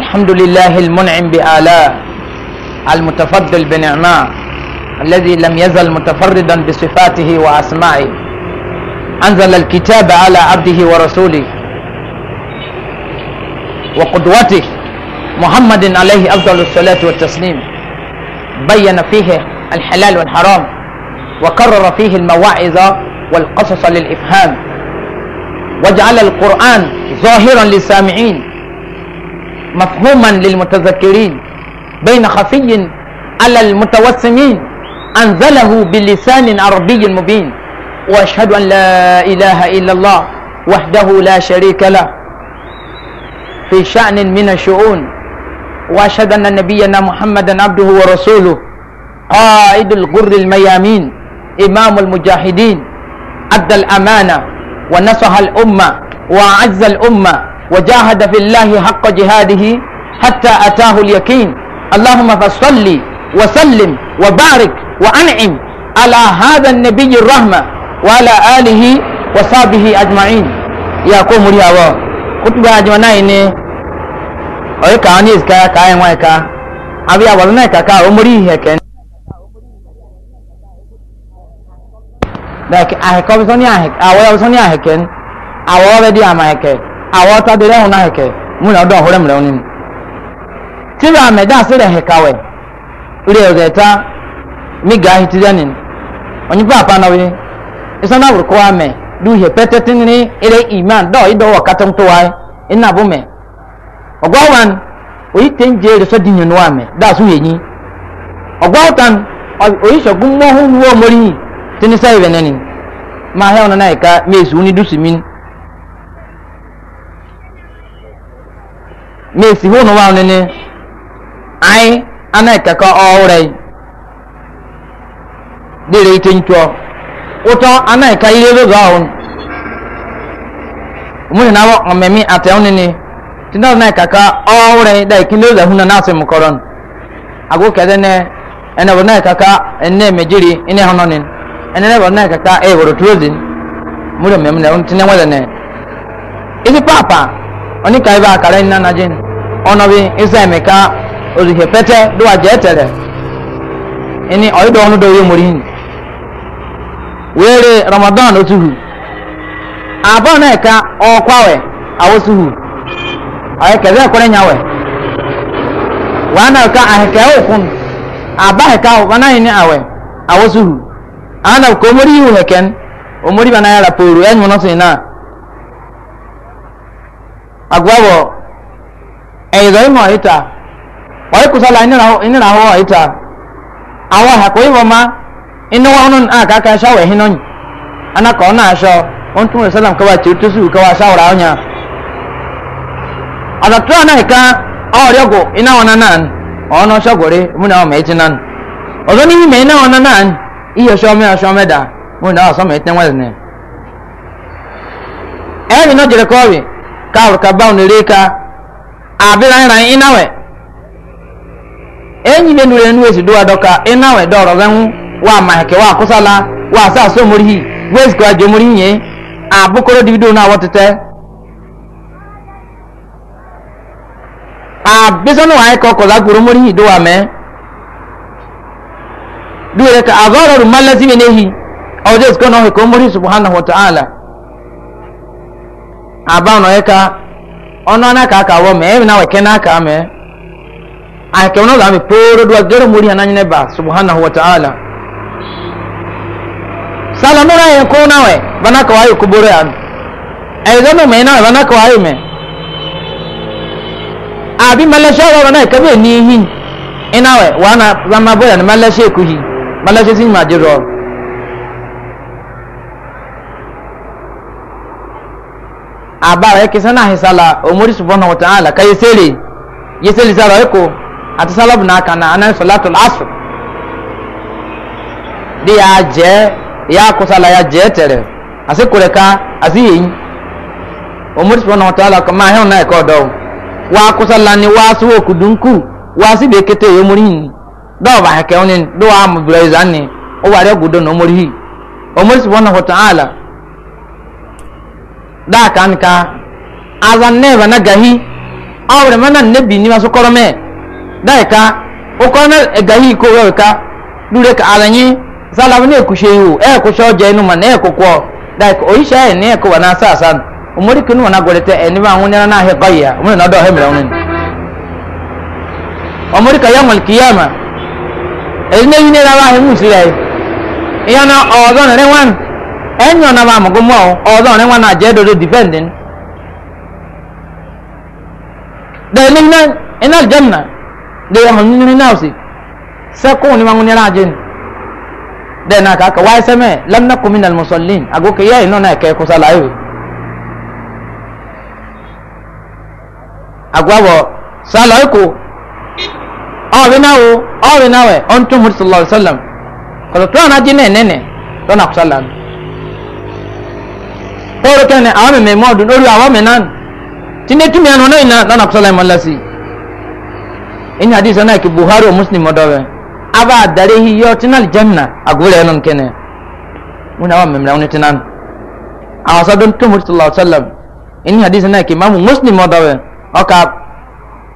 الحمد لله المنعم بآلاء المتفضل بنعماء الذي لم يزل متفردا بصفاته وأسمائه أنزل الكتاب على عبده ورسوله وقدوته محمد عليه أفضل الصلاة والتسليم بين فيه الحلال والحرام وكرر فيه المواعظ والقصص للإفهام وجعل القرآن ظاهرا للسامعين مفهوما للمتذكرين بين خفي على المتوسمين أنزله بلسان عربي مبين وأشهد أن لا إله إلا الله وحده لا شريك له في شأن من الشؤون وأشهد أن نبينا محمدا عبده ورسوله قائد الغر الميامين إمام المجاهدين أدى الأمانة ونصح الأمة وأعز الأمة وجاهد في الله حق جهاده حتى أتاه اليقين اللهم فصل وسلم وبارك وأنعم على هذا النبي الرحمة وعلى آله وصحبه أجمعين يا قوم يا وا كتب أجمعنا إني أي كانيز كا كاين ما كا أبي أولنا كا كا عمري هي لكن أهكو بسوني أهك أولا بسوني أهكين أولا بدي أما هكين awọ ta de rẹhun náà kẹ mu na ọdọ ọhúnrẹ mìíràn nínú tíbi àmẹdá sí rẹ hẹkawẹ rí ẹrẹ ta mi gà ahìtì dẹni onyipa apanawé isana burúkú wa mẹ duhe pẹtẹtìní eré iman dọ idọwọ katọmtọ wa ina bú mẹ ọgbọwan oyi tẹ n jẹ ẹrẹsọ di nyẹnu wa mẹ daasu yẹ nyi ọgbọwọtan oyi sọgbọn mọhún wọ mọrin tinisẹ ìbẹnẹni máa hẹ ọ nana ẹka mẹsùn ní dùsùmí. mesi hu nuwa nini ai ana kaka ọwụrẹ dịrị ite ntụọ ụtọ ana ka ire rogo ahụ mụnye na abọ ọmịmị atọ nini tinọ na kaka ọwụrẹ ike ndị rogo ahụ na asị nasị mụkọrọ agụ kede ne ene bụ na kaka ene mejiri ene hụ nọ nini ene bụ na kaka e wụrụ tuozi mụrụ mmemme na tinye nwere ne isi papa ebe a akara nna na jini Ọ nọbị isa ihe mịka pete duwa etere tere ịnị o yi dọọ ndụ were Ramadan otuhu abụọ na-eka ọkwawe awosuhu ahụkezi a akọrọ wee ụwa na-eka ahụkehe okwu mụrụ aba ahụkehụ gbanahịnị awe awosuhu ana ka omori ihu mụrụ ihe mụrụ na ya la pụrụ onye na ya bụ. ẹ̀yẹ̀dọ̀ ìmọ̀ ìta wọ́n kùsọ́lá ìnira ọwọ́ ìta àwọn àkó ìwọ̀ ma inú wọn nù àkàkà ṣáwọ̀ ẹ̀hìn náà anakọ̀ náà aṣọ wọn túnmọ̀ sálàm kọwà tí ó tó sùn kọwà ṣáwọ̀rà ọ̀nyà ọ̀dọ̀tún àná ìka ọ̀rẹ́ ọ̀gọ̀ iná wọn náà ọ̀nà ṣọ́gọ̀rẹ́ múnà ọmọ ẹ̀tì náà ọ̀dọ́ ní mímẹ̀ iná wọn náà iyọ̀ ṣọ́ mi aṣọ mẹ́ta múnà ọ̀sọ́ mẹ́tẹ́ wẹ́ẹ̀sì ni ẹ̀yìn náà jẹ̀rẹ̀ kọ́ọ̀rì abirahira inawe enyi ne nure nu esi duwa dọka ịnawe dọrọ zanwu wa maheke wa akwụsala wa asa asa omori so murihi wezi kwa je murihi abukoro dibido na watete abisonu wa ko ko omori murihi duwa me duwe ka agoro malazi menehi awje skono he ko muri subhanahu wa ta'ala abano eka ọnụ anaka aka wọ mee na weke n'aka mee ake wọn ọla mi pooro do agere muri ananye ne ba subhanahu wa ta'ala salamura yin ko nawe bana ka wayo kubore an ai zanu me nawe bana ka wayo me abi malasha wa bana ka be ni hin inawe wana zama boya ni malasha ku hi malasha sin ma jiro abara yake sana hisala umuri subhanahu wa ta'ala ka yeseli yeseli sala yako ati sala bu naka na anan salatu al-asr di ya je ya kusala ya je tere asikureka asiyin umuri subhanahu wa ta'ala kama hewa na ko do wa kusala ni wa suwo kudunku wa si be kete yo muri ni do ba ke onin do am blazani o wa re gudo no muri umuri subhanahu wa ta'ala da kan ka azan ne ba na gahi awre mana nabi ni masu korome da ka o ko na e gahi ko we ka dure ka alanyi sala e e ne ku shehu e ku sho je nu ma ne ku ko da ka oyi sha ne ku wana sa san umuri kinu wana gorete eni ba hunya na he qayya umuri na do he mira unin umuri ka yamal qiyama ene ni ne ra ba he musilai yana ozon rewan ẹ̀yìn ọ̀nà máa mọ̀gó mọ́ ọlọ́run wọn náà jẹ́ dodo defending dẹ̀ni iná jẹ́nà lè hàn nínú iná ọ̀sẹ̀ sẹ́kùn ní wọn ní ẹ̀rọ ajé ni dẹ̀ni àkàkọ́ wáyé sẹ́mẹ̀ lẹ́mínàkùn mi nàlùmọ̀ sọ̀lìn àgókè yẹ́ iná náà ẹ̀kẹ́ kó sálà ẹ̀wẹ̀ àgbàwọ̀ sálà ẹ̀kọ́ ọ̀rìn náà ọ̀rìn náà ẹ̀ ọ̀ntún mùsùlùmí sọ̀lọ̀ kọ̀tọ̀ àná jẹ́ náà ẹ̀nẹ́nẹ̀ lọ́nà kó sálà ẹ̀wẹ̀ pọ́ọ̀rọ̀ kẹ́ni àwọn mẹ̀mẹ́ mọ́ ọdún lórí àwọn mẹ̀nà tí ní túnmí ẹnu náà iná lọ́nà pọ́sọ́lá ìmọ̀ lẹ́sí ẹni àdìsọ náà kí buhari o muslim ọdọọrẹ abá àdàrí yìí yọ tí náà lè jẹ́mìnà àgúrẹ́ ẹnu kẹ́ni wọn àwọn mẹ̀mẹ́ wọn ti náà àwọn sọdún tó mú tìlọ sọlọm ẹni àdìsọ náà kí mamu muslim ọdọọrẹ ọkà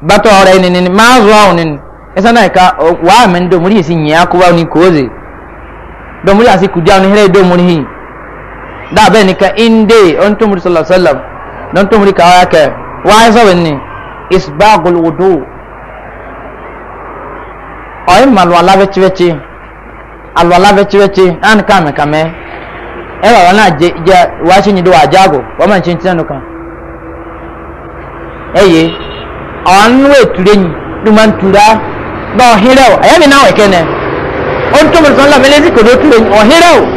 bàtọ ọrẹ ẹni ni máa zọ àwọn ni ẹsẹ náà ká wàá mẹ́ndọ̀ mú da be ni ka inde on to muri sallallahu alaihi wasallam don eh. eh, eh, to muri ka wa ka wa ya so ni isbagul wudu oy mal wala be ci ci al wala be ci ci an ka me ka me e kan eye on we turenyi duman tura ba o hirew ayami na we kene on to muri sallallahu alaihi wasallam le zikodo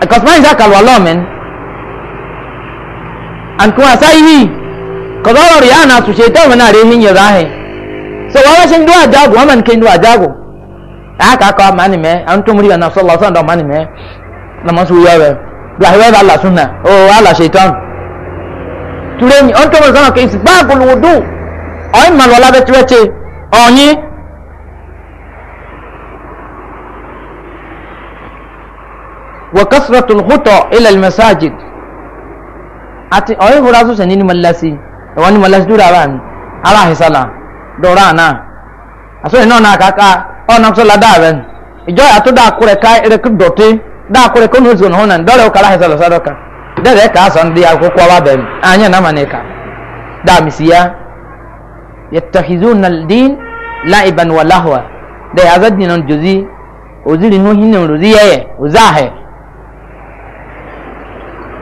because man ja kalwa lo men an kuma sai hi ko zo riya na su shaitan mana re hin ya zahe so wa shin duwa jago wa man kin duwa jago aka ka mani me an tumuri na sallallahu alaihi wasallam mani me na masu ya we da hawa da Allah sunna o Allah shaitan tureni on to mun sana ke isbagul wudu ay mal wala da tuwace onyi وكسرة الخطى إلى المساجد أتي أي فراسو سنين ملاسي واني ملاس دورا وان على حسالا دورا نا أسو إنو نا كاكا أو نمسو لدا وان إجو أتو دا كوري كاي إركب دوتي دا كوري كون هزون هونان دورا وكالا حسالا سادوكا دا دا كاسان دي أكو كوا بابن آنيا نمانيكا دا مسيا يتخذون الدين لعبا ولهوا دا يزدنا جزي وزيري نوهين روزيه وزاهي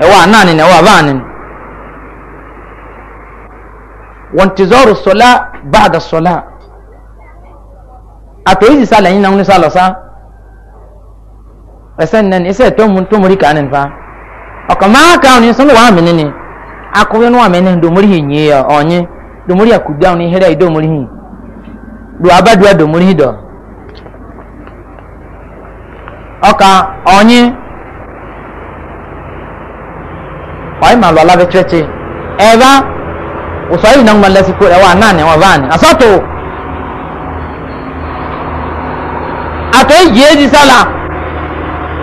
ɛwɔ anaanin ɛwɔ abaanin wɔntizɔɔro sola baada sola atoyi sisa lɛyin na ŋun sa lɔsa ɛsɛ nnɛn ɛsɛ tɔmu tɔmori kaa nin fa ɔkɔmaa kaa ni sɔni waa mini ni akɔyɛ no waa mini domori yi nyee ɔnye domori akudaw ni hɛrɛ yi domori yi do abadua domori dɔ ɔka ɔnye. ọyị e e ma lọ labe tete ẹba usọyi na ngwa nlasi kura wa naanị wa vaanị asatọ atọ eji ezi sala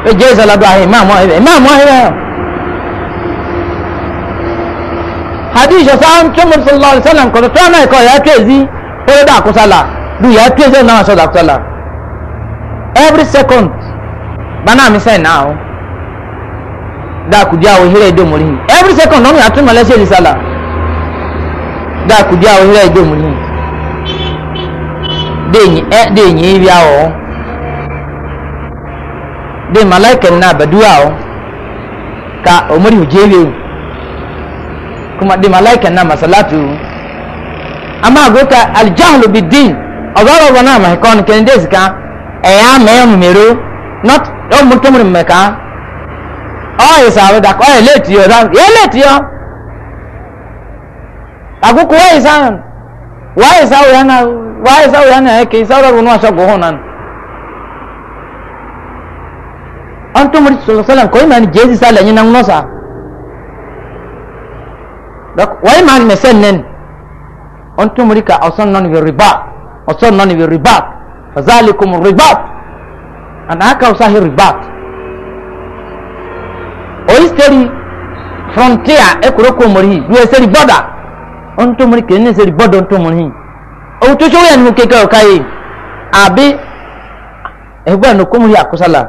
eji ezi sala do ahịa imam ọhịa imam ọhịa hadith ọsán tómọ sọlọ ọsán nkọrọ tó ọnà ẹkọ ya tó ezi ó dá àkọsálà du ya tó ezi ọ̀nà àṣọ àkọsálà every second bá náà mi sẹ́yìn náà dákùdí àwọn ìhẹ́rẹ́ ìdòmòrí every second lọ́nà àtúmọ̀ lẹ́sẹ̀ ìrìsàlà dákùdí àwọn ìhẹ́rẹ́ ìdòmòrí dèyìn ìrì àwọ̀ dèyìn màláìkà ní àbẹ̀dúwà ọ̀ ka òmòrí ìjẹ́ ìrì o. kuma dèyìn màláìkà ní àmàsàlátù ò àmà àgókà alìjáhùlù bíi dín ọ̀gọ́rọ̀ ọ̀gbọ́n náà màkàn kẹ́ndẹ́sì kan ẹ̀yà mẹ́rin mẹ́rin not ọ̀mùtọ́mùrì mẹ́kan ọyìn sàrò dàkọ ọyìn léètì yọ dáhùn yẹ léètì yọ àkókò wáyé sáhùn wáyé sáhùn yẹn náà wáyé sáhùn yẹn náà kì í sáhùn ọdún náà ṣọgbọ hàn náà ọ̀n tó mọ̀rí sọ̀rọ̀ sọ́lá kọ́ ìmọ̀ ni jésù sálẹ̀ yín náà ń nọ́sà wáyé máa ní mẹsẹ̀ nẹ́ni ọ̀n tó mọ̀rí ka ọ̀sán náà níbi rìbá ọ̀sán náà níbi rìbá fàzálì rìbá àná àkàwọ̀ sáhì oyisiteri frontier ekoroko mori duweseri border ontomori kene seri border ontomori owutosowo yanu keke okaye abi egbe no komori akosala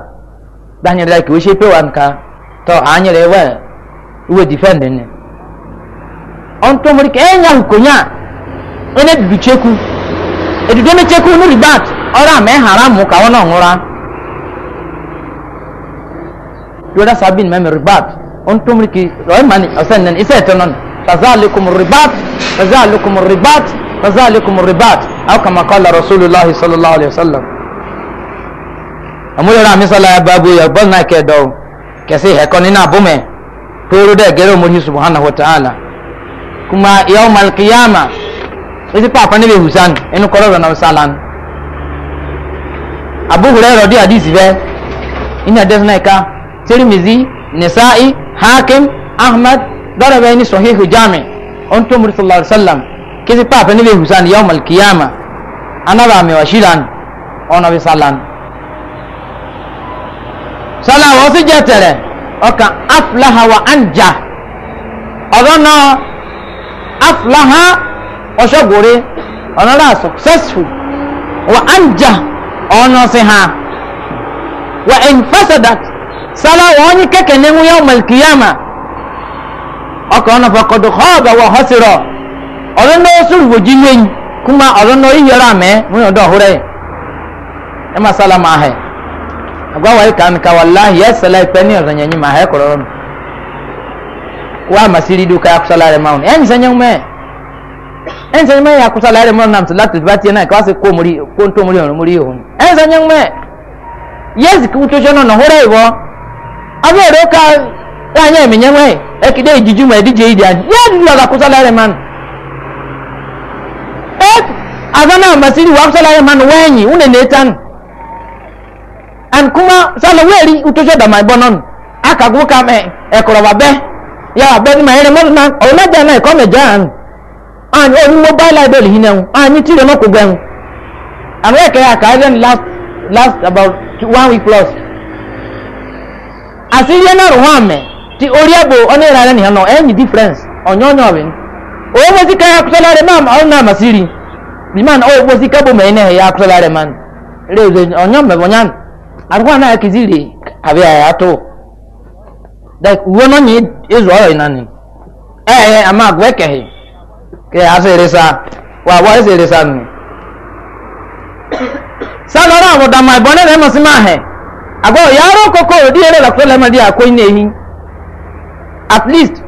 danyere like we shape one ka to anyere we we defend ne ontomori ke enya nkonya ene dudu cheku edudu cheku no ribat ama me haram ka yoda sabin mami ribat on tumri ki roy mani asan nan isa tanon fazalikum ribat fazalikum ribat fazalikum ribat aw kama qala rasulullah sallallahu alaihi wasallam amule ra mi sala babu ya bol na ke do kese he kon ina bume toro de gero muri subhanahu wa ta'ala kuma yawmal qiyamah idi papa ni be husan enu koro na salan abu hurairah di hadisi be ina desna ka tirmizi nisa'i hakim ahmad darabaini sahihu jami on to muri sallallahu alaihi wasallam kisi papa ni be husan yawm al qiyama anaba me washiran ona be salan sala wo si jetere oka aflaha wa anja odono aflaha oshogore ona la successful wa anja ono se ha wa in fasadat sala wọn ni kẹkẹ ní mu yẹn malkiyama ọkàn náà fọkọdù họọbẹ wọ họsirọ ọdún náà sùrùbù jí lẹyìn kuma ọdún náà yíyẹrọ àmẹ mu yẹn ọdún ọhúrẹ yẹn ẹ ma sala máa hẹ agbawo ayi kan ka walahi yẹ sẹlẹ ipẹ ní ọdún yẹn máa hẹ kọrọ nù wàá masiri du ká akusala rẹ máa nù ẹ nìsẹ nyẹn mẹ ẹ nìsẹ nyẹn mẹ yà akusala rẹ máa nù nàmtí láti bá tiẹ náà kí wàá sẹ kó mórí kó ntó mórí ọ̀run mórí ìhòòhùn ẹ nìsẹ nyẹn mẹ yẹ sìkú tó sẹ náà nà ọhúrẹ ìwọ abẹ́rẹ́ ká láàyè ẹ̀mìyẹn wẹ̀ ẹ kìdé ìjìjú mọ̀ ẹ̀díje ìdí àná yẹ́ ẹ̀dí lọ́la kó sọ́lá rẹ̀ mánu. ẹ azana masiri wa sọ́lá rẹ̀ mánu wẹ́ẹ̀yìn wúnẹ̀ ní ẹ̀tánu. and kuma sọ́lá wẹ́ẹ̀rí utóṣẹ́ dàmà ìbọn nánu akagun ká mẹ ẹ̀kọ̀rọ̀ bàbẹ́ yà bẹ́ẹ̀ ni mà ẹ̀rẹ̀ mọ́tò náà ọ̀lẹ́jà náà ẹ̀kọ́ mẹ̀já àná. àní oní mobile library yìí náà àní tí ìrẹ̀ mọ́kò gbẹ̀rún. àmì ẹ̀kẹ́ yà kàá last about one week plus. asịrịa na ruhame ti ori agbo ọnụ ịrara na ya nọ enyi difference ọnyọnyọ ọbịn onye nwezi ka ya akụsọlarị ma ọ na amasịrị biman ọ gbosi kabo ma ene ya akụsọlarị man rezo ọnyọ mebe ọnya arụkwa na ya kiziri abịa ya atụ like uwe nọ nyi ezu ọrịa ịnanị ee ama agwa ekeghị ka ya asị ịrịsa wa agwa ịsị ịrịsa nụ sanọrọ ọbụda ma ịbụ onye na-emasị ma ahụ agbo yaro koko di ere la kola ma di akoi nehi at least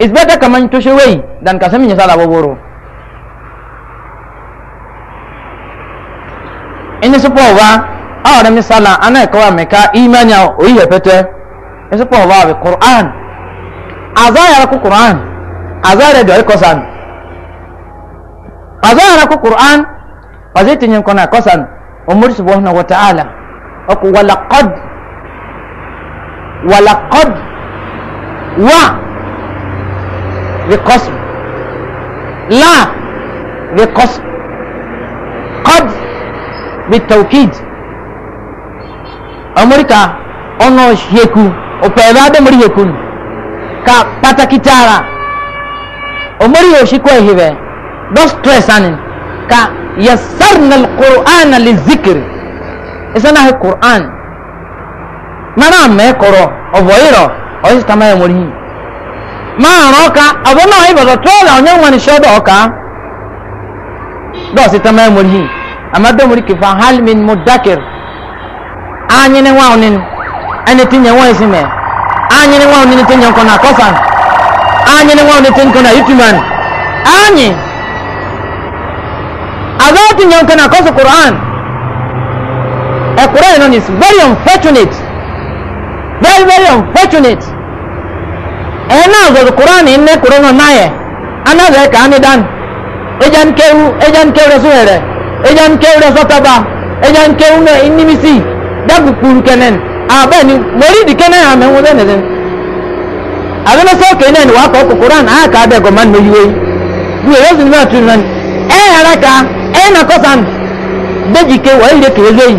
it's better kama nitoshe wei than kasemi nyasala boboro ini supo wa awore mi sala ana ko wa meka imanya o iye pete ini supo wa bi qur'an azaya ko qur'an azaya do ko san azaya ko qur'an waziti nyen kona kosan umur subhanahu wa ta'ala ọkùn wàlàkọ́d wàlàkọ́d wà rìkọ́sù là rìkọ́sù kọ́d bìtọ̀kìd amurka ọ̀nà ṣeku ọ̀pẹ̀ ẹ̀rọ adẹ́mọ̀rí yẹku ka pàtàkì tààrà ọmọrí yóò ṣe kọ́ ẹ̀hìn rẹ̀ dọ́ stress ka yasarnal qur'an zikiri isana he Quran mana me koro oboiro oyi tama ya mori ma roka abono he bodo tola onye wani shodo oka do si tama ya mori amado mori ki fa hal min mudakir anyi ne wa onin ani tinye wa isime anyi ne wa onin tinye kona kofan anyi ne wa onin tinye kona yutuman anyi azati nyankana kosa Quran ẹ̀kúrẹ́ ìnáwó is very unfortunate very very unfortunate ẹ̀yẹ náà kuran kúránì ní kúrẹ́ náà náà yẹ anáàzọ̀ ẹ̀ka á ní dánù ẹja ń ejan ẹja ń kéwu rẹ sọ ẹrẹ ẹja ń kéwu rẹ sọtaba ẹja ń kéwu náà ẹnimisi dàgbù kúrú kẹnẹn àbẹ ah, ni mori di kẹnẹn àmì ẹ̀wọ̀n dẹ́nu dẹ́nu àbẹ̀mẹ̀ sọ́ọ̀kẹ́ náà ni wàá kọ́ kúránì àáká dẹ̀ gọ̀mọ́ ni mo yíwé bí ẹ̀rọ sì ní náà tún náà ẹ̀ ẹ̀rẹ́ ká ẹ̀ nà kọ́sàn bẹ́jì ké wọ́n ilé kéré lẹ́yìn.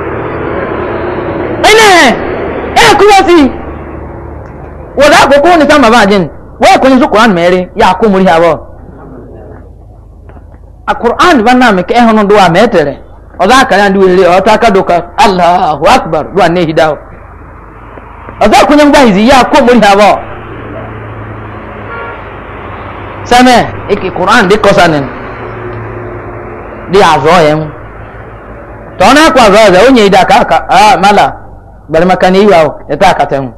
e kuwa si wada akwụkwọ ni sama bajin wa kwenye ni qur'an mere ya ko muri hawo a qur'an banna me ke hono duwa metere o da kala ndu ile doka allahu akbar duwa ne hidawo o da ko nyangwa ya ko muri hawo same iki qur'an dị kosanen di azo bari maka ni yiwa ya ta akata mu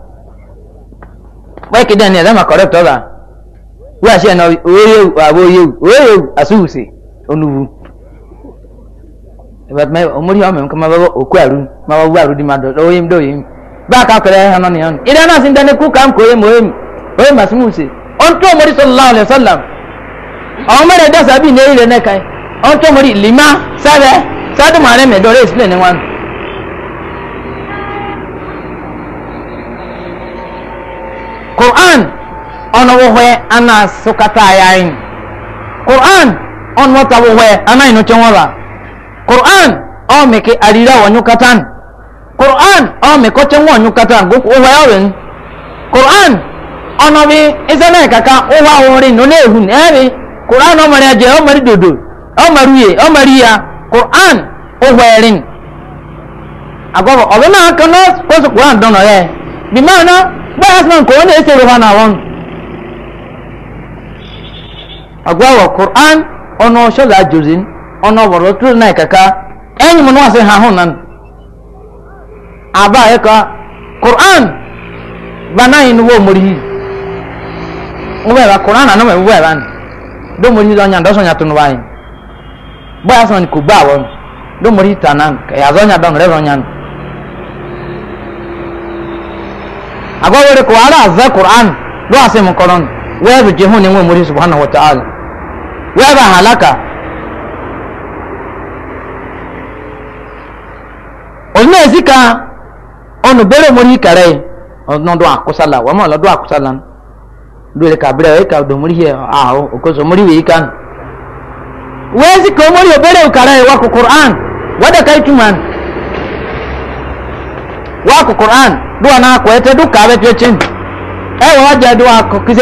wai kidan ne zama correct oza wa shi na oye abo ye oye asuse onubu but my omori ha men kuma baba oku aru ma baba aru di mado oye mdo ye ba ka kare ha no ne on ida na sin dane ku kam ko ye moye oye masmuse on to omori sallallahu alaihi wasallam awon da sabi ne ile ne kai on to omori lima sabe sadu mare me dore isle ne wan ono wo hwe ana sukata yain Quran on wata wo hwe ana ino chonwa Quran o meke arira wa nyukatan Quran o me ko chonwa nyukatan go wo hwe orin Quran ono bi isana kaka o wa orin no lehu ne bi Quran o mari aje o mari dodo o maruye o ya Quran o hwerin agogo obena kana ko so Quran dono ye bi mana ba asman ko ne se ro hana won agwawa qur'an ono shala juzin ono woro tu na kaka enyi mun wase ha hunan aba eka qur'an bana in wo murihi uwe ba qur'an anu me uwe ban do murihi do nyando so nyatu no bayin bo aso ni kuba won do murihi tanan ya zo nya don re zo nyan agwawa re ko ala za qur'an do ase mun koron wa bi jehun ni wo murihi subhanahu wa ta'ala wẹ́ẹ̀bà hàlákà òyìnbó èsì ka ọ̀nà bẹ́rẹ̀ mọ́rí kẹrẹ́ ọ̀nàdọ́ àkọsálà wọ́n mọ̀ ọ̀nàdọ́ àkọsálà lórí kàbírẹ̀ ẹ̀ka ọ̀dọ̀ mọ́rí yẹ àhọ́ òkòsò mọ́rí wèé kan wẹ́ẹ́ sì kọ́ mọ́rí ọ̀bẹ́rẹ̀ kẹrẹ́ wà kọ́ koran wọ́dà ká ìtumàn wà kọ́ koran dùwà náà kọ́ ẹ̀tẹ́ dùkà abẹ́tẹ́ ẹ̀ wọ́n wájà dùwà kọ́ kí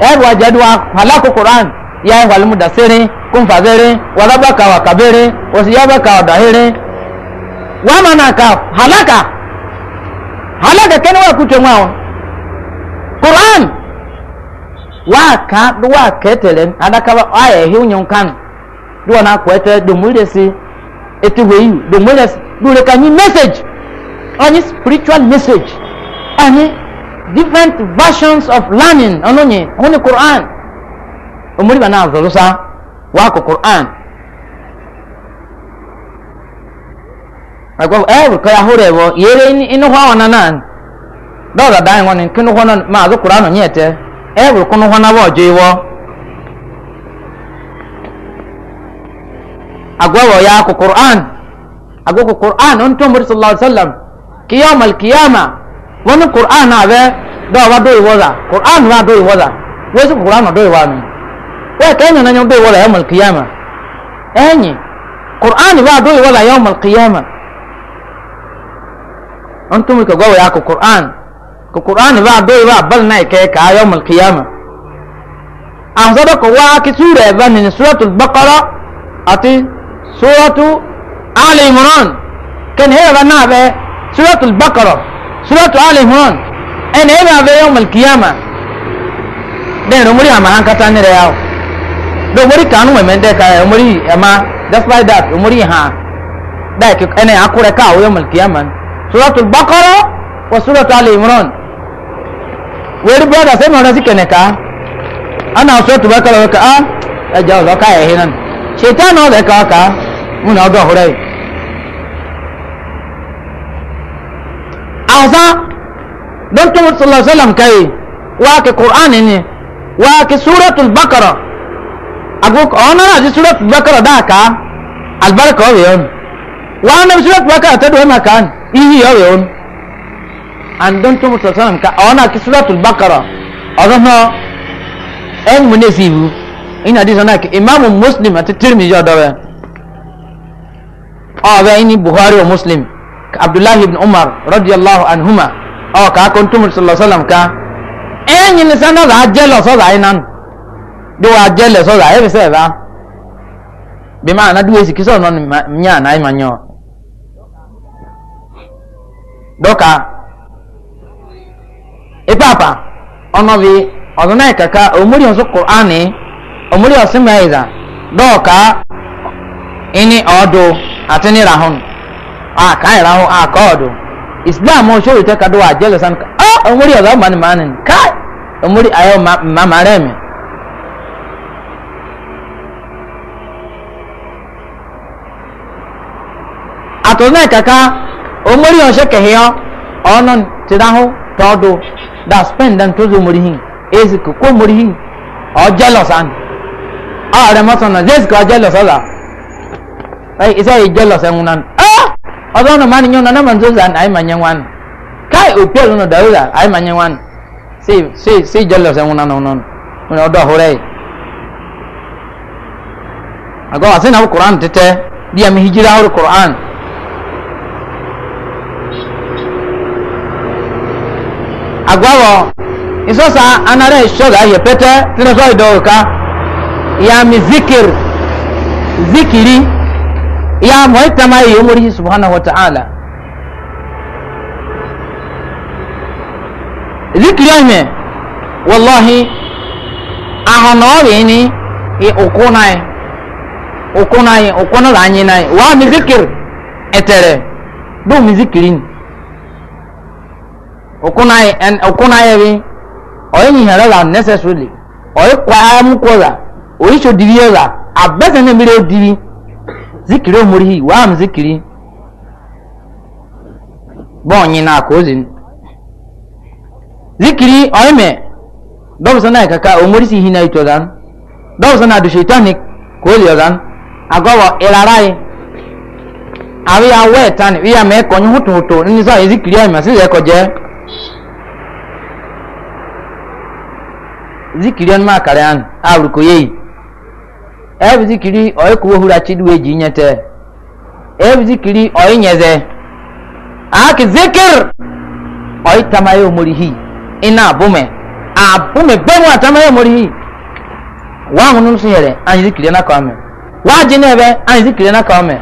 ɛr wa jadwa halaku quran ya yi walimu da sere kun fazere wa raba ka wa kabere wa su yaba ka wa dahere wa mana ka halaka halaka kene wa kuce mwa quran wa ka duwa ketelen adaka ba aya hi kan duwa na kwete dumule si etuwe yi dumule si dure ka message ani spiritual message ani different versions of learning ononye huni Quran umuri bana azulusa wako Quran agwa eh ko ya horewo yere inu hwa na nan do da dai woni kinu hwa non ma azu Quran onyete eh kunu na wo jiwo agwa ya ku Quran agwa ko Quran on to muri sallallahu alaihi wasallam kiyama al wọ́n ní quran náà bẹ́ dọ́wọ́ bá dóyè wọ́dà quran náà dóyè wọ́dà wọ́n sì quran náà dóyè wọ́dà wọ́n kẹ́yìn náà yẹn dóyè wọ́dà yẹn mọ̀lkìyàmà ẹ̀yìn quran bá dóyè wọ́dà yẹn mọ̀lkìyàmà wọ́n tún mi kò gbọ́ wọ́n yà kó quran kó quran bá dóyè wọ́dà bal náà kẹ́ ká yẹn mọ̀lkìyàmà àwọn sọ́dọ̀ kò wá kí súrẹ̀ bá nínú súrọ̀tù bọ́kọ́rọ́ àti súrọ̀tù alẹ́ ìmọ̀ràn kẹ́ni hẹ́rẹ́ bá náà bẹ́ súrọ̀tù bọ́kọ́rọ́ suratu ali imran ɛna ɛna abɛ yɛ ɔmɔ kiyama dɛn na omori ama hankata ne rɛyaw dɛ omori kanu mɛmɛ dɛ ka omori ɛma despite that omori ha dɛ ɛna akorɛ ka awɔ yɛ ɔmɔ kiyama suratu bakɔrɔ wɔ suratu ali imran wɛri brɔda sɛ ɛna ɔdasi kɛnɛ ka ana suratu bakɔrɔ ka a ɛgya ɔzɔ ka yɛ hinan shetan na ka ɔka mu na ɔdɔ ɔhorɛ yi. aza don tumu sallallahu alaihi wasallam kai wa ke qur'ani ne wa ke suratul baqara abu ona na ji suratul baqara da ka albarka wa yon wa na suratul baqara ta do na kan ihi ya yon an don tumu sallallahu alaihi wasallam ka ona ke suratul baqara azama en munesibu ina hadisi na ke imamu muslim ati tirmidhi odawe awe ini buhari wa muslim abdullahi ibn umar radiyallahu anhuma ọ ka akọ ntumur sallallahu alaihi wasallam ka ẹnyi ni sẹ ndọdọ ajẹlẹ sọdọ ayi nan de wa ajẹlẹ sọdọ ayi bi sẹ ba bi ma ana duwe siki sọdọ nọ nya na ayi ma nyọ dọka ipaapa ọnọ bi ọdún náà kàkà òmùrí ọsùn kùránì òmùrí ọsùn mẹ́ẹ̀dà dọ́ọ̀ka ẹni ọ̀ọ́dọ̀ àti nírà hàn aka ah, ira ho aka ah, odo islam o shori te kado a jelo san ah omuri oga man man kai omuri ayo ma ma reme atona e kaka omuri o sheke hiyo onon tiraho todo da spend dan tozo muri hin eziko ko muri hin o jelo san ah re mo sona eziko o jelo sala ai isa i ọzọ nọ mani nyọ nana manzo zan ayi ma nyen wan kai opi elu no dawuda ayi ma nyen wan si si si jelo se wuna no non mun odo hore ago asin na qur'an tete dia mi hijira hore qur'an agwawo isosa anare shoga ye pete tino so idoka ya mi zikir zikiri ya moita ma yi umuri subhanahu wa ta'ala zikiri ame wallahi ahonobi ni i ukunai ukunai ukunu ranyi nai wa mi zikir etere do mi zikirin ukunai and ukunai bi oyin here la necessarily oyin kwa mu kwa oyin so diri la abese ne mi re diri zikiri omurihi waa m zikiri bɔnyi na akozin zikiri ɔyime dɔbɔ sɛ naa kaka omori si hina ito zan dɔbɔ sɛ naa do shaitani kooli zan agɔbɔ ilarai awi awɔ ɛtani wi ama ɛkɔnyi hotohoto Ni sɛ ɔyɛ zikiri ɔyime asi yɛ kɔjɛ zikiri ɔnuma akari an awuri koyeyi ebi zikiri oyi kuwo hura chidu eji nyete ebi zikiri oyi nyeze aki zikir oyi tamaye omori hi ina abume abume bẹmu atamaye omori hi wa ahunu nso yẹrẹ anyi zikiri na kọọme wa agye na ẹbẹ anyi zikiri na kọọme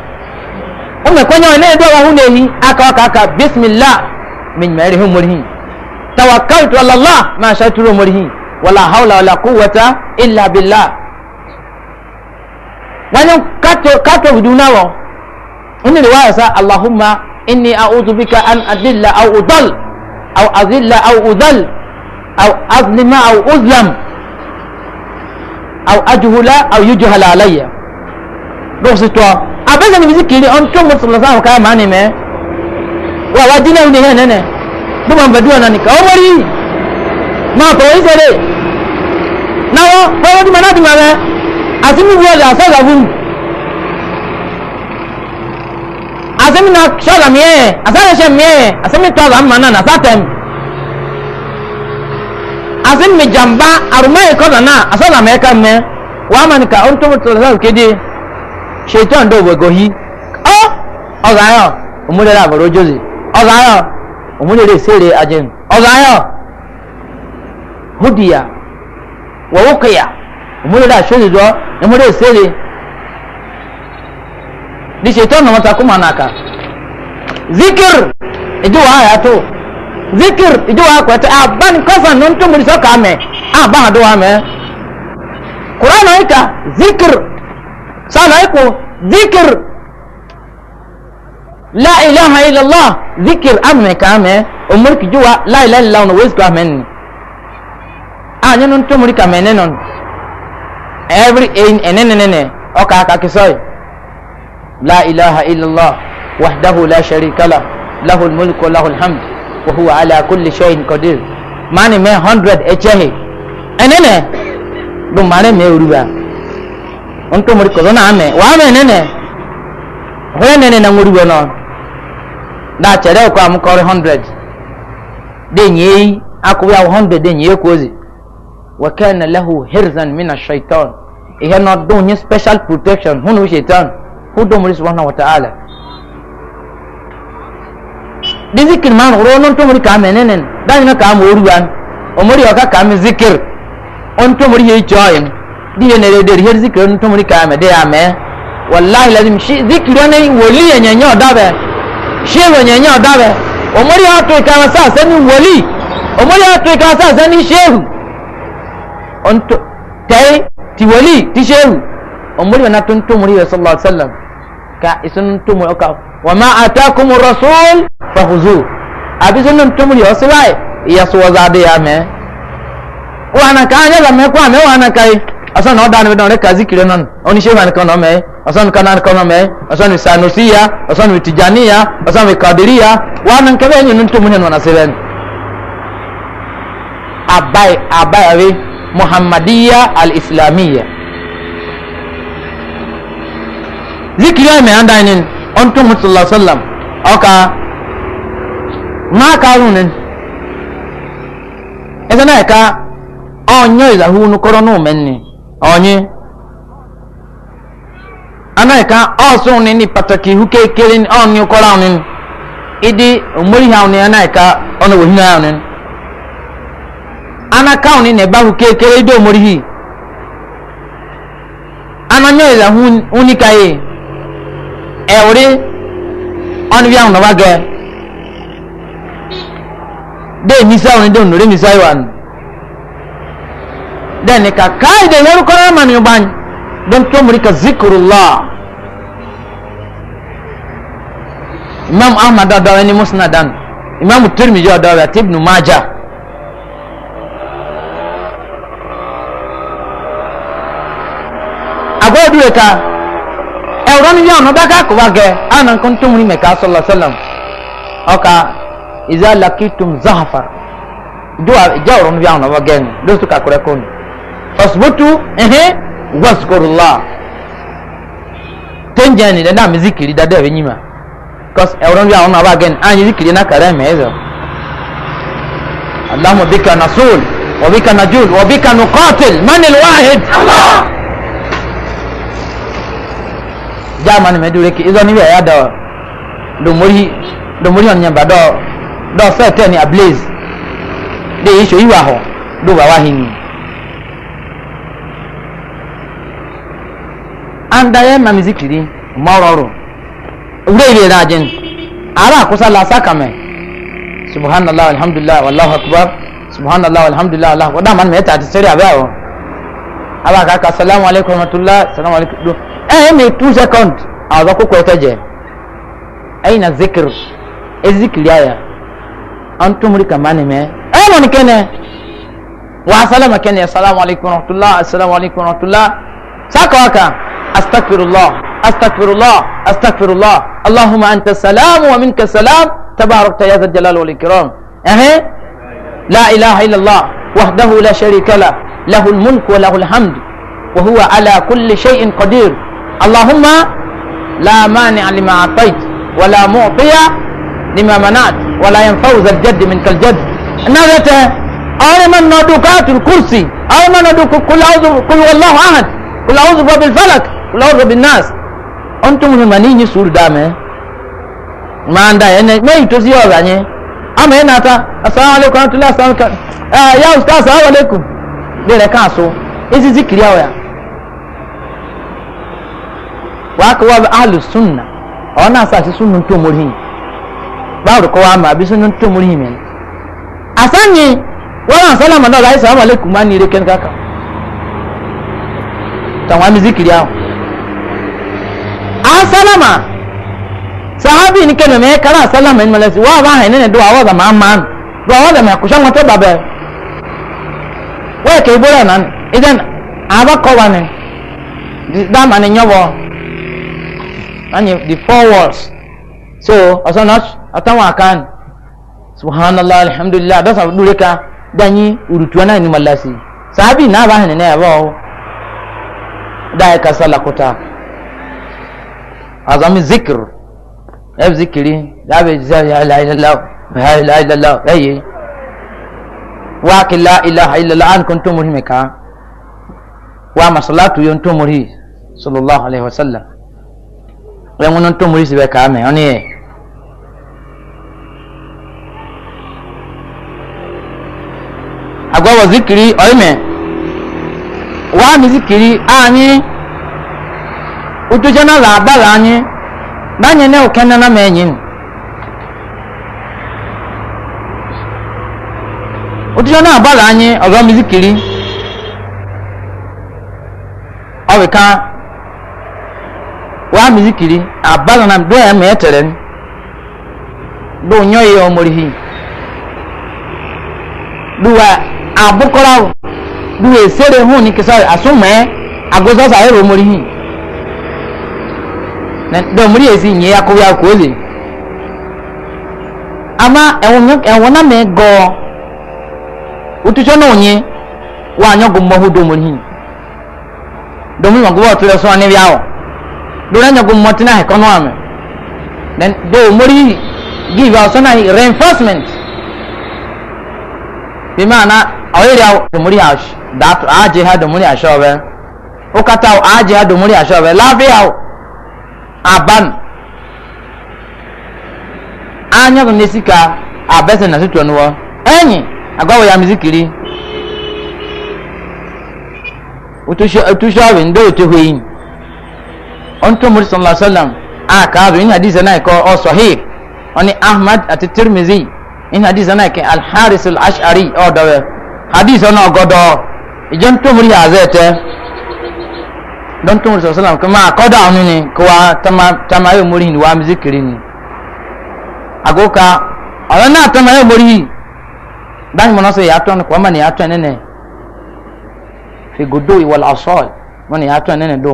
ome kwenye oyi na-edo wa hunu ehi aka ọka aka bismillah menyimere hi omori hi tawakkaltu alallah ma ashaturu omori hi wala hawla wala quwwata illa billah wani kake huduna wa wani riwaya sa Allahumma inni a'udhu bika an adilla aw udal aw azilla aw udal aw azlima aw uzlam aw ajhula aw yujhala alayya donc c'est toi abeza ni bizikiri on to mo sallallahu alaihi wasallam kama ne wa wajina ni hene ne bu man na nika omori ma to isere nawo ko wadi manadi ma eh? àti mi wọ ọdẹ asọ́dà fún mi àti mi na sọ́dà mi yẹ asọ́dàṣẹ́ mi yẹ àti mi tọ́lá mi nà sátẹ̀ mi àti mi jàmbá àrùmọ́ ìkọ́dà náà asọ́dà mi ẹ̀ka mi wàá mà nìkan ọ̀n tó mi tọ́lá sọ́dà kéde ṣètò ọ̀dọ̀ òwògò yìí ọ́ ọ̀gá yọ òmùlẹ̀ àbọ̀rọ̀ ojúzi ọ̀gá yọ òmùlẹ̀ lè sèrè ajẹ́nu yọ hudiya wọ́wọ́kẹ́yà umuri da shuri do umuri sere di shaitan na mata kuma naka zikir ijo wa zikir ijo wa kwata aban kofan non to muri soka me aban ah, do wa me qur'an ayka zikir sala ayko zikir la ilaha illa allah zikir amne ka me umur ki jo wa la ilaha illa allah no wes ka men anyo ah, non to muri ka me every ain enenenene ọkà akakisọ́ọ̀ la ilaha illallah wahdahu la sharika la lahul mulku lahul hamd wa huwa ala kulli shay'in qadir mani me 100 echehe eh, enene eh, do mane me uruba onto muri ko na ame wa me enene ho enene na uruba no da chere ko am ko 100 de nyi akubya 100 de nyi ko ozi wakana lahu hirzan mina shaitan ihe na ọdún nye special protection hunu shaitan hudu muri subhanahu wa ta'ala di zikir man huro non to muri ka menenen dan na ka mu uruwan o muri o ka ka mi zikir on to muri ye join di ye ne de her zikir on to muri ka me de ame wallahi lazim shi zikir on woli ye nyenye odabe shi ye nyenye odabe o muri o to ka sa se ni woli o muri shehu tai ti wali ti shehu umuri wana tun tumuri ya sallallahu alaihi wasallam ka isun tumuri ka wa ma atakum rasul fa huzu abi sunun tumuri wasalai ya su wazade ya me wana ka anya ga me kwa me wana kai asan no dan don ka zikire non oni shehu an kono me asan kana kono me asan sanusiya asan tijaniya asan kadiriya wana ka be nyun tumuri non aseben abai abai abi muhammadiya al-islamiyya zikiri mai an dainin on tun mutu sallallahu sallam ọka ma karu ne ẹsẹ náà ẹka ọnyọ ìzàhú nukọrọ náà mẹni ọnyẹ ana ẹka ọsùn ní ní pàtàkì ihu kékeré ọnyọ kọrọ ọnìn ìdí òmórí ha ọnìn ana ẹka ọnà wòhìn náà ana kauni ne bahu kekere do murihi ana nyoyla unika ye ewri on biya no bage de misa on de no misa yawan de ne ka kai de yaru kora man yo ban don to murika zikrullah imam ahmad da da ni musnadan imam tirmidhi da da ibn majah ahodu eka ẹwúrọ ni yẹn ọ̀nà dáká kò bá gẹ ànà nǹkan tó múni mẹ̀ká sọlọ sọlọm ọkà ìzá lakitum zahafa dùwà ìjà ọ̀rọ̀ ni yẹn ọ̀nà bá gẹ ni lóṣù kakura kò ní ọ̀sùbùtù ẹ̀hìn wọ́sùkòrùlá tẹ́ǹjẹ̀ ni dẹ́dá mi zikiri dáadáa ẹ̀bẹ̀ yìí mà kọ́s ẹ̀wúrọ ni yẹn ọ̀nà ni ànyẹ zikiri náà kàrẹ́ mẹ́ẹ̀zọ. اللهم بك نصول وبك نجول وبك نقاتل من الواحد الله jama ni medure ki izo ni bi aya do do mori do mori on nyamba do do fe te ni ablaze de iso iwa ho do ba wa hini anda ye ma mizikiri mororo ure ile da jin ara kusa la saka me subhanallah alhamdulillah wallahu akbar subhanallah alhamdulillah allah wa da man me ta tsere abawo aba ka assalamu alaikum wa rahmatullah assalamu alaikum أهم 2 second أعضاكو كوتاجة أين الذكر الذكر يا أنتم ريكا ماني ما أهم كنا وعسلام كنا السلام عليكم ورحمة الله السلام عليكم ورحمة الله ساكو هكا أستغفر الله أستغفر الله أستغفر الله اللهم أنت السلام ومنك السلام تبارك يا ذا الجلال والإكرام أهي لا إله إلا الله وحده لا شريك له له الملك وله الحمد وهو على كل شيء قدير اللهم لا مانع لما أعطيت ولا معطي لما منعت ولا ينفوز الجد منك الجد نغت أرمن ندوكات الكرسي أرمن ندوك كل أعوذ كل والله أحد كل أعوذ برب الفلك كل أعوذ بالناس أنتم همانين سور دامه ما عندها يعني ما يتوزي يعني أما هنا تا السلام عليكم ورحمة الله السلام عليكم يا أستاذ السلام عليكم ديرك أسو إذا ذكر يا ويا wakawa bi ahlu sunna ɔna asase sunna to murhi bawru abi ama bi sunna to murhi men asanye wala salama na lai salamu alaikum mani re ken kaka tanwa mi zikiri awo asalama sahabi ni kene me kala salama ni malasi wa ba hene ne do awa da mamma do awa da me kushan wata babe wa ke bora nan idan aba ko bane dama ne nyobo anyi the four walls so ọsọ náà àtàwọn àkàn subhanallah alhamdulilah dọ́sà lórí ká danyi urutuwa náà ni malasi sábì náà bá hìnnìyàn yà bá ọ dáa ẹka sálàkúta azami zikir ẹ zikiri dábẹ zikiri aláìláìláwọ aláìláìláwọ ẹ yẹ wákìlá ilaha illallah an kuntum muhimika wa masalatu yontumuri sallallahu alaihi wasallam wọn ŋun tó muri si bɛ kaa mɛ ɔni yɛ agbawo zikiri ọrịa mɛ ụwa mi zikiri anyi ah, utuja na laa bala anyi banyɛ ne o kɛnɛ na mɛ nyin utuja na bala anyi mi zikiri ɔbi kan. wa mi zikiri abala na do ya me tere do nyo ye o morihi duwa abukora duwa esere hu ni kisa asume agoza sa ero hi na do muri esi nye ya ko ya ko le ama ewon ewon na me go utucho na onye wa anyo go mo hu do morihi do mi wa go wa tura so ani biawo dora nya gummati na he kono ame then do mori give us na reinforcement bi mana awiri aw mori ash that aje ha do mori ashobe o kata aje ha do mori ashobe lafi aw aban anya go nesika abese na situ onwo enyi agwawo ya mizikiri utusho utusho we ndo otehoyin ọ̀ntún mọ́rí sọ̀rọ̀ lásọ̀làm àkàbí ní àdìsẹ́ náà kọ́ ọ sọ̀hí wọn ni ahmad àti tirimizi ní àdìsẹ́ náà kẹ́ alharis al-ashari ọ̀dọ̀wẹ̀ àdìsẹ́ náà gọ́dọ̀ ìjọ ń tóbi yà zẹ́ tẹ́ don tóbi sọ̀rọ̀ sọ̀làm kọ́ máa kọ́dọ̀ àwọn ni kó wa tamayé mọ́rí ni wàá mizikiri ni àgókà ọ̀rọ̀ náà tamayé mọ́rí yìí báyìí mo náà sọ yà á tọ́ ni kọ́ mà ni yà á tọ́ ni fi gòdó ìwọ̀lá ọ̀sọ́ọ̀ mo ni yà á tọ́ ni nẹ̀ dó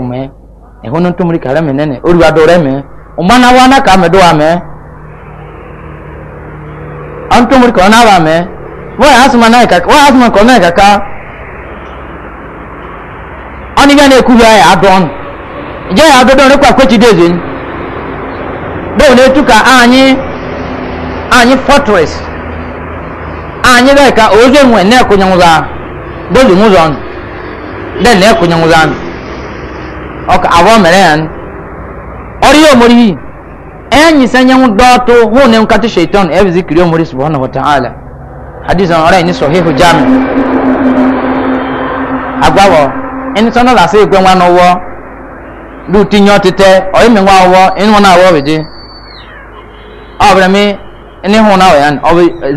ɛhɔ no ntomri kare me nene oruwa dore me ɔmana wa na ka me do wa me antomri ka ɔna wa me wɔyɛ asoma na ɛkaka wɔyɛ asoma ka ɔna ɛkaka ɔne bi a na eku bi ayɛ adɔn gye yɛ adɔdɔn ne kɔ akɔkyi de ezi dɔw na etu ka anyi anyi fortress anyi bɛ ka ozo ŋun ɛnɛ ko nyɛ ŋun zɔn dɛ nɛ ko nyɛ ọkọ awọ mere ya Ọrịa omori mọrí yìí ẹyìn sẹyìn dọọtò hún ní nkató ṣètọ́n e zikiri omori subahana wọtá àlà hadith ọ̀rọ̀ yìí ní sọ̀híhù jami agbáwọ̀ ẹni sọ́nà làásì ìgbẹ́ wọn náà wọ́ ọ bụ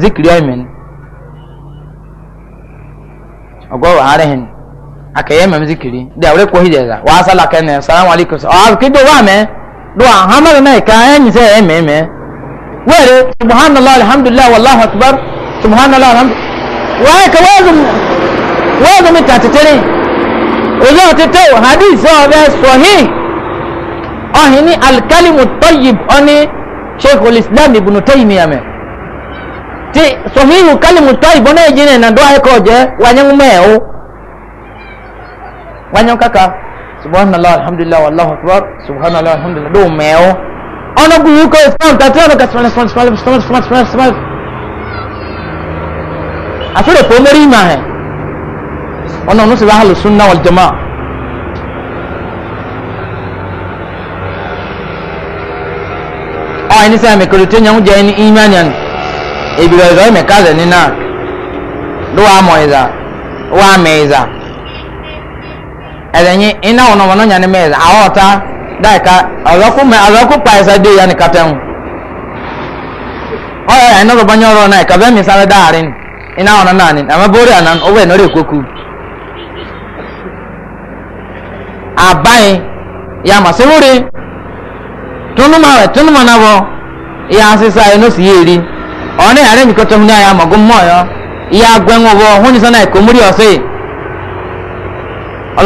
zikiri ọgwọ akẹyẹ mẹmí zikiri dẹ awúrẹ kọ hídẹ ẹdá wàá sálà kẹnẹ sàlámù alaykum sọ ọ kí dọwọ àmẹ dọwọ ahamadu náà ẹka ẹyìn sẹ ẹ mẹmẹ wẹẹrẹ subhanallah alhamdulilayi wàlláhu akbar subhanallah alhamdulilayi wàá kẹ wẹẹdùn wẹẹdùn mi tà tètèrè ojú ọtẹtẹ o hadith ọbẹ sọhí ọhìn ní alikalimu tọyib ọni sheikh olislam ibùnú tẹyìmí àmẹ ti sọhí kalimu tọyib ọni ẹjìn náà dọwọ ẹkọ jẹ wàá nyẹ ń mẹ o wanyan kaka subhanallah alhamdulillah wallahu akbar subhanallah alhamdulillah do meo ono guyu ko islam ta tana ka smal smal smal smal smal smal smal asore ko meri ma hai ono no sibah al sunna wal jamaa a ni sa me ko tenya ngu je ni imanyan e bi ro me ka ni na do wa moiza wa meiza ɛdɛnyi ina wɔn wɔn nyɛ ne mɛ awɔ ɔta dai ka mɛ ya ne kata mu ɔyɛ ɛnɛ rɔba nyɛ ɔrɔ nai kabɛ misa bɛ daare ni ina wɔn naani ama bori anan ɔwɔ aban tunuma wɛ tunuma ya sisa si yɛ eri ɔne mi ya bɔ hunyisa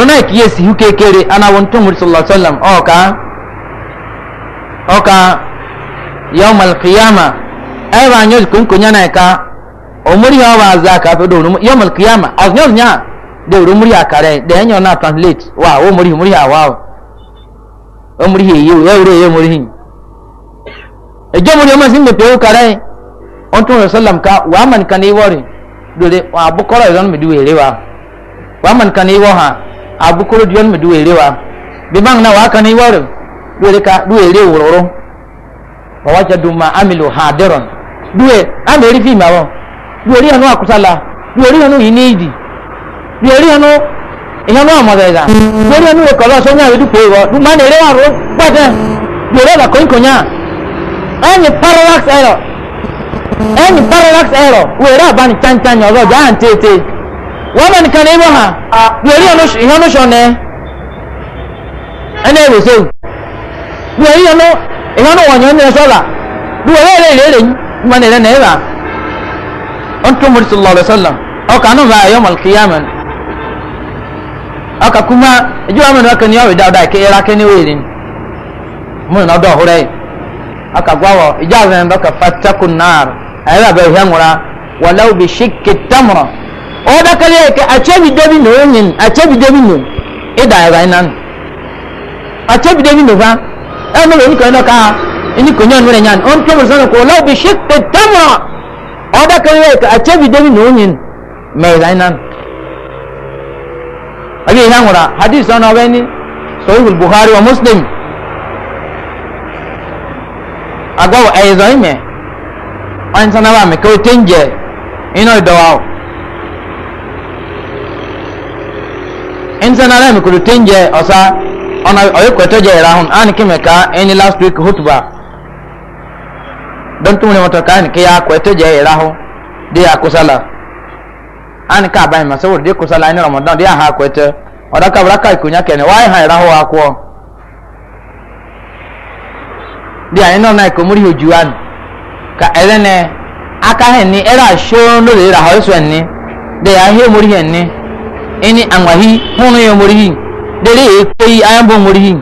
ọ̀nà ìkíyèsí hú kékeré anáwọn tó mú sọlọ sọlọm ọ̀ka ọ̀ka yọ malkiyama ẹ̀rọ anyọ́ ìkónkónyá náà ẹ̀ka ọmọrí yọ wà zá káfẹ́ dọ̀ ọ̀nà yọ malkiyama àgbẹ̀wò nyá dẹ̀ ọ̀rọ̀ múrí àkàrẹ̀ dẹ̀ ẹ̀yọ́ náà translate wà ó múrí múrí àwá o ọmọrí yẹ yẹ ẹ̀rọ yẹ múrí yìí ẹjọ́ múrí ọmọ sí mẹ̀pẹ̀ ó kàrẹ̀ ọ̀ntún sọlọm ká wàá mọ̀ nìkan ní wọ́ọ̀rì dòde àbúkọ́rọ̀ ìlọ́nù wàá mọ̀ abukuru dion mi duwere wa bibang na waka ni waru duwere ka duwere wuroro wa wacha duma amilu hadiron duwe ameri fi mawo duwere hanu akusala duwere hanu inidi duwere hanu ihanu amodeza duwere hanu okolo so nya wedu pewo duma na ere waru gbada duwere la koin konya any parallax error any parallax error were abani chan chan yozo jahan tete wọ́n mọ̀ nìkan ní ibò hà wẹ̀rí ìhọ́nù sọ̀nẹ́ ẹni ẹ̀rọ sẹ́wù wẹ̀rí ìhọ́nù wọ̀nyọ́ ní ẹ̀sọ́là wẹ̀rí ẹ̀rẹ́ ìrẹ́rẹ́ yìí wọ́n ní ẹ̀rẹ́ ní ẹ̀rà ọ̀n tó mọ̀rí sọ̀lọ̀ ọ̀rẹ́ sọ̀lọ̀ ọkà nù bá ayọ́ mọ̀lùkìyàmẹ̀ ọkà kúmá ẹjọ́ wọn mọ̀ ní ọ̀rẹ́ dáadáa kí ẹ̀rá kí ni wẹ̀rí mú ní ọdọ̀ ọ̀húrẹ́ ọkà gbáwọ̀ ọ eke ya na a achebidobi na ịdara a achebidobi na ụba ẹnu rẹ nìkan ẹnu ká ẹnìkan yẹn nwere yan ọ̀n tẹ́wọ̀n sọ́nà kò lọ́wọ́ bí ṣe pé tẹ́mọ̀ ọdakarị eke achebidobi na onye mẹ́ra ịna ọbẹ̀ ihe nwụrụ hadith ọ̀nà ọbẹ̀ ni sọ̀rọ̀ buhari wa muslim agbawo ẹ̀yẹ̀zọ̀ ime ọ̀n sanáwá mi insana lẹ́mi kò tẹ́ ń jẹ ọ̀sá ọ̀nà ọ̀yọ́kọ̀tẹ́ jẹ ìrahùn á ní kí mẹ̀ká ẹni last week hotuba don tún ní mọ̀tọ̀ ká ní kí ya kusala jẹ ìrahùn dé akosala á ní ká àbáyé màsẹ́wò dé kosala ẹni ramadan dé àhà kọ̀tẹ́ ọ̀dà kàbúrà ká ìkònyà kẹ́ni wáyé hàn ìrahùn wa kọ́ dé àyín náà náà ìkòmúrí ojú wa ka ẹlẹ́nẹ̀ akáhẹ̀ ní ẹ̀rọ àṣọ lórí ìrahùn ẹ̀sùn ẹ̀ ní dé àyín ini angwahi munu yo murihi dere e koi ayan bo murihi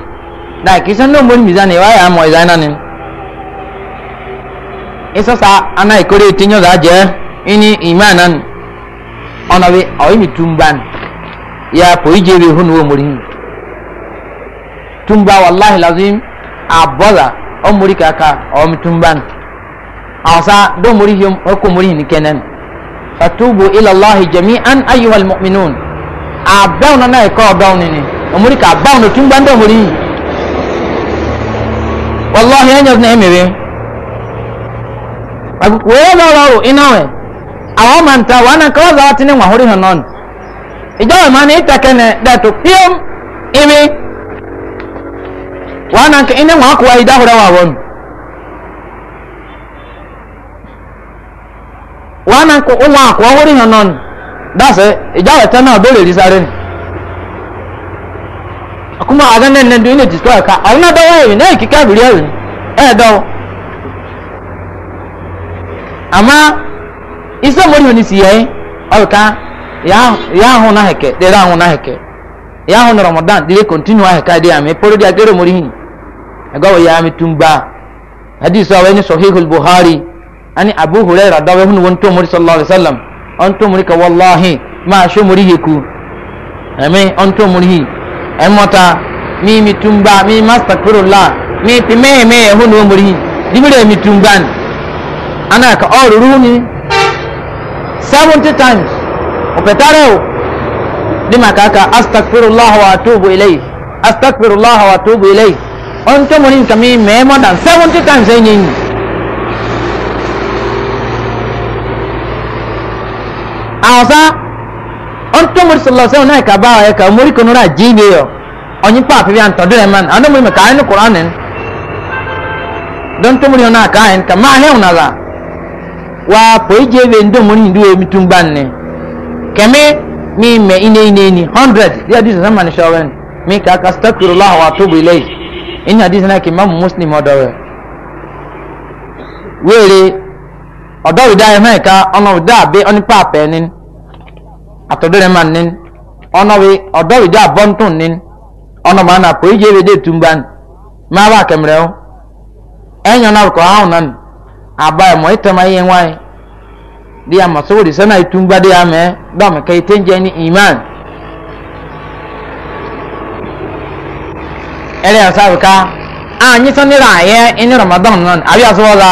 da kisan no muri mizane wa ya mo izana ni eso sa ana ikore tinyo da je ini imanan ona we oyi mi tumban ya po ije be hunu wo murihi tumba wallahi lazim abola o muri kaka o mi tumban awsa do murihi ko murihi ni kenen fatubu ila allah jami'an ayyuhal mu'minun àbẹ́wọn náà ẹ̀kọ́ ọ̀bẹ́wọn ni ọmọdé kà àbẹ́wọn ló tún gbáńdọ̀ ọmọdé yìí wọlọ́hìn ẹ̀yẹ́ ọdún ẹ̀mẹ̀rẹ̀ wọ́n lọ rọrùn iná rẹ̀ àwọn ọmọ nta wọn náà kọ́wọ́ zàwọ́ ti ní wọn àhórí hàn náà ìjọba ìmọ̀ ní ìtàkẹ́nẹ̀ dẹ̀tọ̀ píọ́m ìmí wọn náà ní wọn kọ́ ìdáhùrẹ́ wà wọ́n wọn wọn náà dase ijawe tana dole risare ne kuma a ganin nan duniya ji kawai ka a na dawo yau ne ki kabiri yau ne eh dawo ama isa mori ni si yayi alka ya ya hu na heke de ra hu na heke ya hu ramadan de continue heke de ami poro de agere mori hin aga wa ya mi tumba hadisi wa ni sahihul buhari ani abu hurairah dawo hun won to mori sallallahu alaihi wasallam ọ̀ntọ́ múri ka wàláhì máa ṣó múri yẹ ku ẹ̀mí ọ̀ntọ́ múri yìí ẹ̀mọ́ta mi mi tumba mi masta kurola mi pi mẹ́ẹ̀mẹ́ẹ̀ ẹ̀hún ni wọ́n yìí dibire mi tumba ni ana ka ọ̀rọ̀ rú ni seventy times ọ̀pẹ̀tàrẹ́ o ní màkà ka astagfirullah wa atubu ilayhi astagfirullah wa atubu ilayhi ọ̀ntọ́ múri nǹkan mi mẹ́ẹ̀mọ́ dan seventy times ẹ̀yìn yìí. asa on to mur sallallahu alaihi wasallam ka ba ya ka muri ko nura jibe yo onyi pa pe an to de man anu muri ka ni qur'an en don to muri na ka en ka ma he una la wa po je be ndo muri ndu e mitum ban keme mi me ine ine ni 100 dia dis zaman shawen mi ka ka astaghfirullah wa atubu ilayhi in hadith na ki imam muslim odawe ọdọ wida ya mẹka ọnọ wida abe ọni paapẹ nin atọdọrẹ man nin ọnọ wi ọdọ wida abọntun nin ọnọ maa na pọ ije ebe de tumba ni maa ba kẹmẹrẹ o ẹnyọ na kọ ahụ na ni aba ya mọ itama ihe nwaanyị di ya masọwọ di sẹna itumba di ya mẹ dọọmọ ka ite nje ni iman ẹrẹ ya sábẹ a nyi sọ nira ayẹ ẹni ramadan nan abi asọwọ la.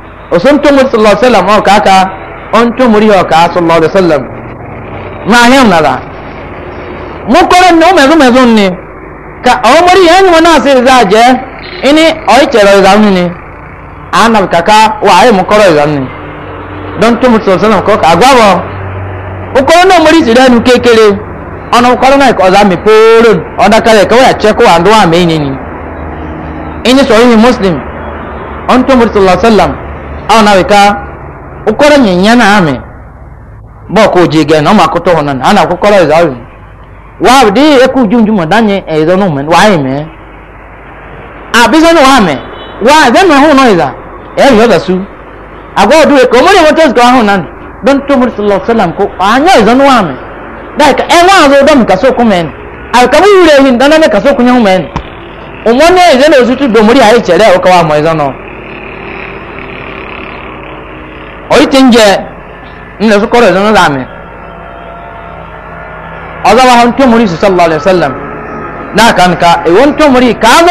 osun tumuri sallallahu alaihi wasallam o oh, kaka on tumuri o ka sallallahu alaihi wasallam ma hen nada mu kore no me zo me zo ni ka o oh, mori hen wona se za je ini o oh, chero za ni ni ana kaka wa ai mu kore za ni don tumuri sallallahu alaihi wasallam ko ka gwa bo o kore no mori si danu kekere ona kore na ko za mi poro ona kare ko ya che ko andu wa me ni ni ini so yi muslim on tumuri sallallahu alaihi wasallam aw na wika ukora nyanya na ame bo ko jige na ma kuto honan ana ko kora za wa di e ku junju mo danye no men wa ime a bi no wa me wa ze me hu no iza e yo da su agwa du e ko mo re mo tos ko hu nan don ko anya zo no wa me dai ka e wa zo do mi ka so ko men a ka mu yure hin dan na ka so ko nyu men o mo ne ze no su tu do mo ri a wa mo izo no oyi ti ń jẹ wa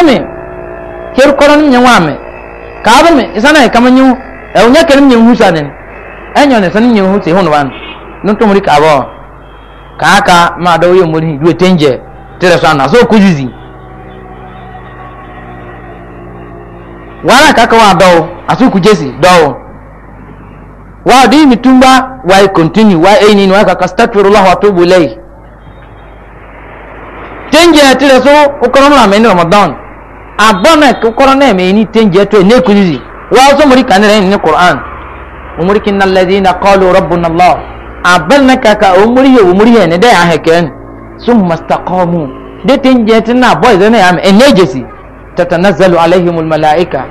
mi kéru kọ́rọ́ ní nyẹ̀wọ̀ àmì káàbọ̀ mi ìsá náà kàmá nyẹ̀wọ̀ ẹ̀wọ̀n nyẹ̀ kẹ́rin nyẹ̀wọ̀ húsà ni ẹ̀yọ̀ ní sani nyẹ̀wọ̀ húsà ìhùn wa ní tó mú rí káàbọ̀ káàká máa dọ́wọ́ yẹ̀ mú rí ìlú ètè ń wa di mi tumba wa continue wa aini wa ka astaghfirullah wa atubu ilayhi tenje tire so ukoro na me ni ramadan abona ke ukoro na me ni tenje to ne kuzizi wa so muri kanere ni qur'an umuri kinna alladhina qalu rabbuna allah abana ka ka umuri yo umuri ne da ya heken summa istaqamu de tenje tinna boy zane am enejesi tatanazzalu alaihimul malaika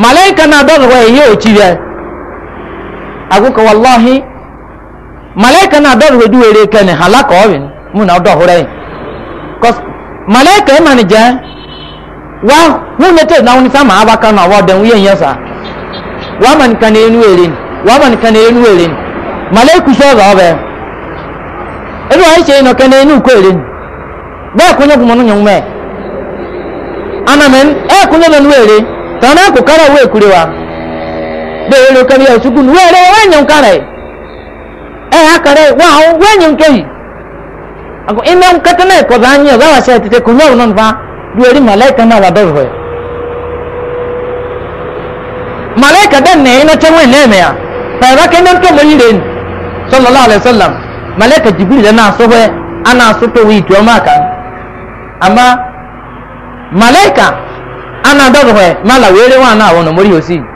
malaika na dole wa yeyo chiya agoka wallahi malaika na adọrọ wedu were kene halaka ọrịa mụ na ọdọ ọhụrụ anyị cos malaika ịma e na ije wa hu nete na wuni sama abaka na ọwọ ọdẹn wuyen nyesa wa mani ka na enu erin wa mani ka na enu erin malaiku sọ ọrịa ọrịa ẹni ọrịa ṣe na ọka na enu kọ erin bẹẹ kọ nyẹ kumanu nyẹ ana m ẹ kọ nyẹ na enu erin ka ọ na kára wọ ekure wa. bẹ́ẹ̀ ló kẹ́rì ẹ̀ sukùn wẹ́ẹ̀rẹ́ wẹ́ẹ̀nyẹ̀ nkárẹ̀ ẹ̀ akárẹ̀ wà áwọn wẹ́ẹ̀nyẹ̀ nkẹ́yì àgọ́ ìmẹ̀ nkẹ́tẹ́ náà kọ̀dọ̀ anyi ọ̀gá wà sẹ́yà tètè kùnú ọ̀run nfa duwẹ́rì màláìka náà wà bẹ́ẹ̀ fẹ́ màláìka dẹ́ nẹ̀ iná tẹ́ wọ́n nẹ́ẹ̀mẹ̀ yà fẹ̀rẹ̀ kẹ́ndẹ́ tó mọ̀ yìí rẹ̀ sọlọ́lá alẹ́ sọlọ́m màláìka jìbìlì dẹ́ náà sọ́fẹ́ ana sọ́tọ̀ wí ìtú ọmọ àkà àmà màláìka ana dọ́dọ̀ fẹ́ màlà wẹ́rẹ́ wọn náà wọn mọ̀rí yóò sí i.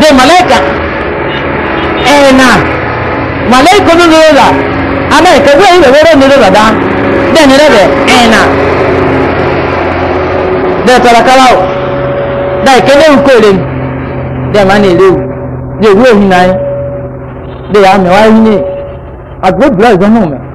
de malaika ena malaika no no da ana ke we we we no da da de ne de ena de tara kala da ke ne ko le de ma ne le de wo hin nai de ya me wa hin ni agbo bla ga no me